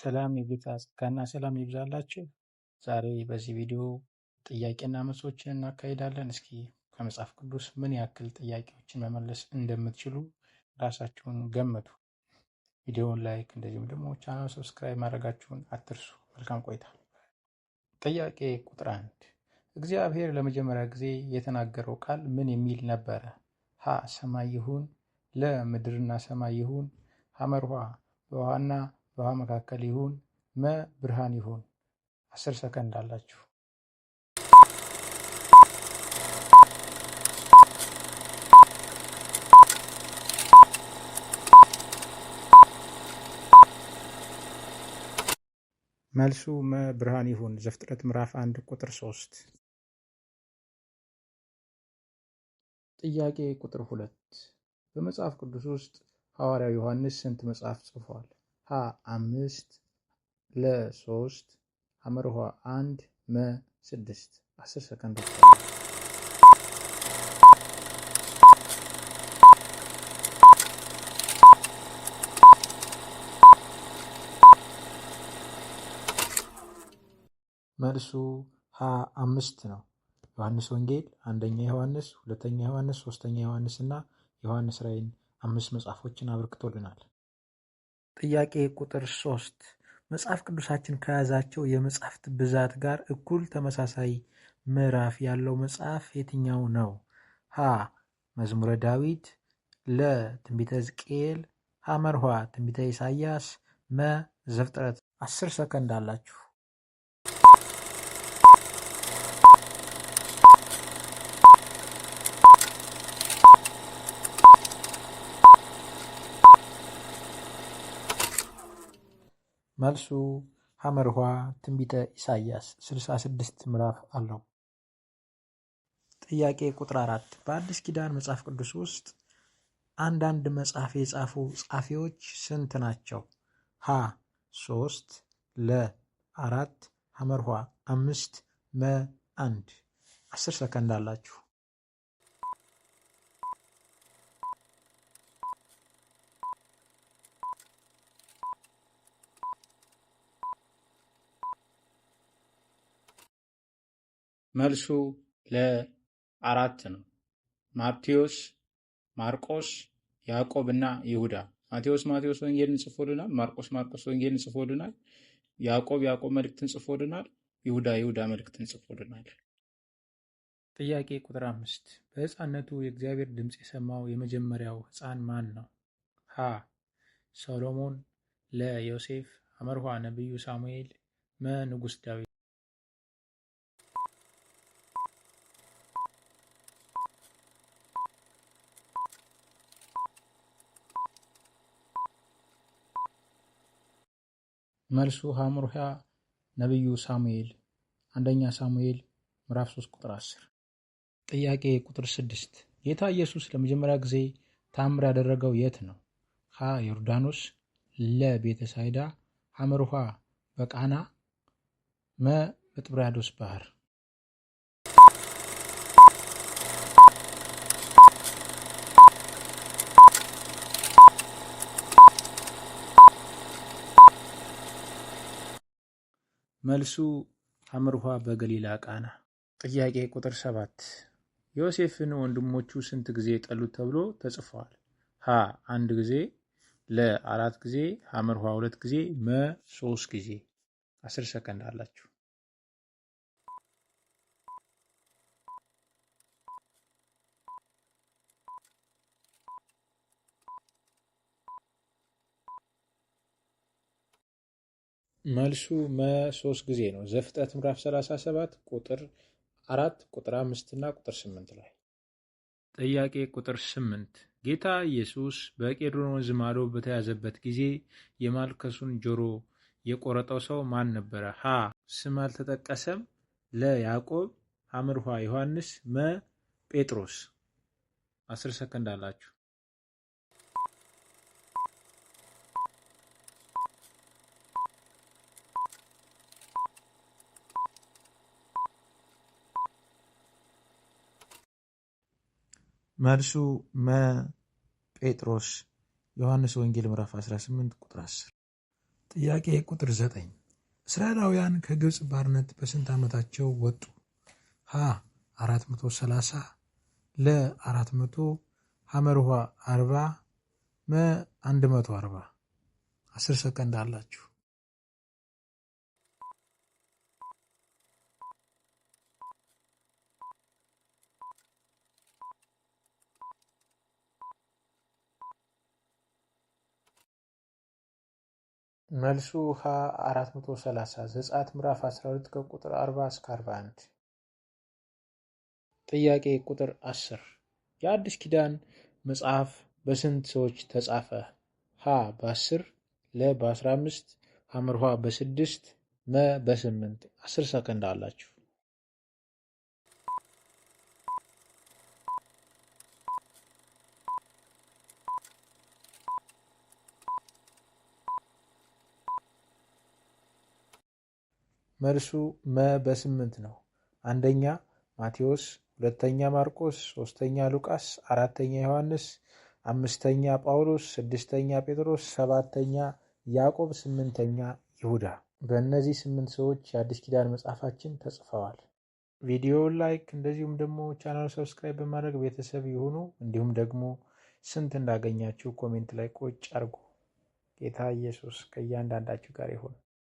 ሰላም የጌታ ጸጋና ሰላም ይብዛላችሁ። ዛሬ በዚህ ቪዲዮ ጥያቄና መልሶችን እናካሄዳለን እስኪ ከመጽሐፍ ቅዱስ ምን ያክል ጥያቄዎችን መመለስ እንደምትችሉ ራሳችሁን ገምቱ። ቪዲዮውን ላይክ፣ እንደዚሁም ደግሞ ቻናል ሰብስክራይብ ማድረጋችሁን አትርሱ። መልካም ቆይታ። ጥያቄ ቁጥር አንድ እግዚአብሔር ለመጀመሪያ ጊዜ የተናገረው ቃል ምን የሚል ነበረ? ሀ ሰማይ ይሁን፣ ለ ምድርና ሰማይ ይሁን፣ ሐመርኋ በውሃና በውሃ መካከል ይሁን መ ብርሃን ይሁን። አስር ሰከንድ አላችሁ። መልሱ መ ብርሃን ይሁን። ዘፍጥረት ምዕራፍ አንድ ቁጥር ሶስት ጥያቄ ቁጥር ሁለት በመጽሐፍ ቅዱስ ውስጥ ሐዋርያው ዮሐንስ ስንት መጽሐፍ ጽፏል? ሀ አምስት ለ ሶስት ሐመርኋ አንድ መ ስድስት አስር ሰከንድ መልሱ ሀ አምስት ነው። ዮሐንስ ወንጌል አንደኛ ዮሐንስ፣ ሁለተኛ ዮሐንስ፣ ሶስተኛ ዮሐንስ እና ዮሐንስ ራእይን አምስት መጽሐፎችን አበርክቶልናል። ጥያቄ ቁጥር ሶስት መጽሐፍ ቅዱሳችን ከያዛቸው የመጽሐፍት ብዛት ጋር እኩል ተመሳሳይ ምዕራፍ ያለው መጽሐፍ የትኛው ነው? ሀ. መዝሙረ ዳዊት ለ. ትንቢተ ሕዝቅኤል ሐ. መርኋ ትንቢተ ኢሳያስ፣ መ. ዘፍጥረት አስር ሰከንድ አላችሁ። መልሱ ሐመርኋ ትንቢተ ኢሳይያስ 66 ስድስት ምዕራፍ አለው። ጥያቄ ቁጥር አራት በአዲስ ኪዳን መጽሐፍ ቅዱስ ውስጥ አንዳንድ መጽሐፍ የጻፉ ጻፊዎች ስንት ናቸው? ሀ ሶስት ለ አራት ሐመርኋ አምስት መ አንድ። አስር ሰከንድ አላችሁ። መልሱ ለአራት ነው። ማቴዎስ፣ ማርቆስ፣ ያዕቆብ እና ይሁዳ። ማቴዎስ ማቴዎስ ወንጌልን ጽፎልናል። ማርቆስ ማርቆስ ወንጌልን ጽፎልናል። ያዕቆብ ያዕቆብ መልእክትን ጽፎልናል። ይሁዳ ይሁዳ መልእክትን ጽፎልናል። ጥያቄ ቁጥር አምስት በሕፃንነቱ የእግዚአብሔር ድምፅ የሰማው የመጀመሪያው ሕፃን ማን ነው? ሀ ሰሎሞን፣ ለ ዮሴፍ፣ አመርኋ ነቢዩ ሳሙኤል፣ መ ንጉሥ ዳዊት መልሱ ሐምሩሃ ነቢዩ ሳሙኤል አንደኛ ሳሙኤል ምዕራፍ 3 ቁጥር 10። ጥያቄ ቁጥር 6 ጌታ ኢየሱስ ለመጀመሪያ ጊዜ ታምር ያደረገው የት ነው? ሀ ዮርዳኖስ፣ ለ ቤተሳይዳ፣ ሳይዳ፣ በቃና፣ መ በጥብርያዶስ ባህር መልሱ አምርኋ በገሊላ ቃና። ጥያቄ ቁጥር ሰባት ዮሴፍን ወንድሞቹ ስንት ጊዜ ጠሉት ተብሎ ተጽፏል? ሀ አንድ ጊዜ፣ ለ አራት ጊዜ፣ ሐ መርኋ ሁለት ጊዜ፣ መ ሶስት ጊዜ። አስር ሰከንድ አላችሁ። መልሱ መ ሶስት ጊዜ ነው። ዘፍጥረት ምዕራፍ 37 ቁጥር አራት ቁጥር አምስት እና ቁጥር ስምንት ላይ። ጥያቄ ቁጥር ስምንት ጌታ ኢየሱስ በቄድሮን ወንዝ ማዶ በተያዘበት ጊዜ የማልከሱን ጆሮ የቆረጠው ሰው ማን ነበረ? ሀ ስም አልተጠቀሰም፣ ለ ያዕቆብ፣ ሐ ምርኋ ዮሐንስ፣ መ ጴጥሮስ። አስር ሰከንድ አላችሁ። መልሱ መ ጴጥሮስ ዮሐንስ ወንጌል ምዕራፍ 18 ቁጥር 10። ጥያቄ ቁጥር 9 እስራኤላውያን ከግብፅ ባርነት በስንት ዓመታቸው ወጡ? ሀ 430 ለ 400 ሐመርኋ 40 መ 140 10 ሰከንድ አላችሁ። መልሱ ሀ 430 ዘጸአት ምዕራፍ 12 ከቁጥር 40 እስከ 41። ጥያቄ ቁጥር 10 የአዲስ ኪዳን መጽሐፍ በስንት ሰዎች ተጻፈ? ሀ በ10 ለ በ15 ሐመር በ6 መ በ8 10 ሰከንድ አላችሁ። መልሱ መ በስምንት ነው። አንደኛ ማቴዎስ፣ ሁለተኛ ማርቆስ፣ ሶስተኛ ሉቃስ፣ አራተኛ ዮሐንስ፣ አምስተኛ ጳውሎስ፣ ስድስተኛ ጴጥሮስ፣ ሰባተኛ ያዕቆብ፣ ስምንተኛ ይሁዳ። በእነዚህ ስምንት ሰዎች የአዲስ ኪዳን መጽሐፋችን ተጽፈዋል። ቪዲዮውን ላይክ እንደዚሁም ደግሞ ቻናል ሰብስክራይብ በማድረግ ቤተሰብ ይሁኑ። እንዲሁም ደግሞ ስንት እንዳገኛችሁ ኮሜንት ላይ ቁጭ አርጉ ጌታ ኢየሱስ ከእያንዳንዳችሁ ጋር ይሁን።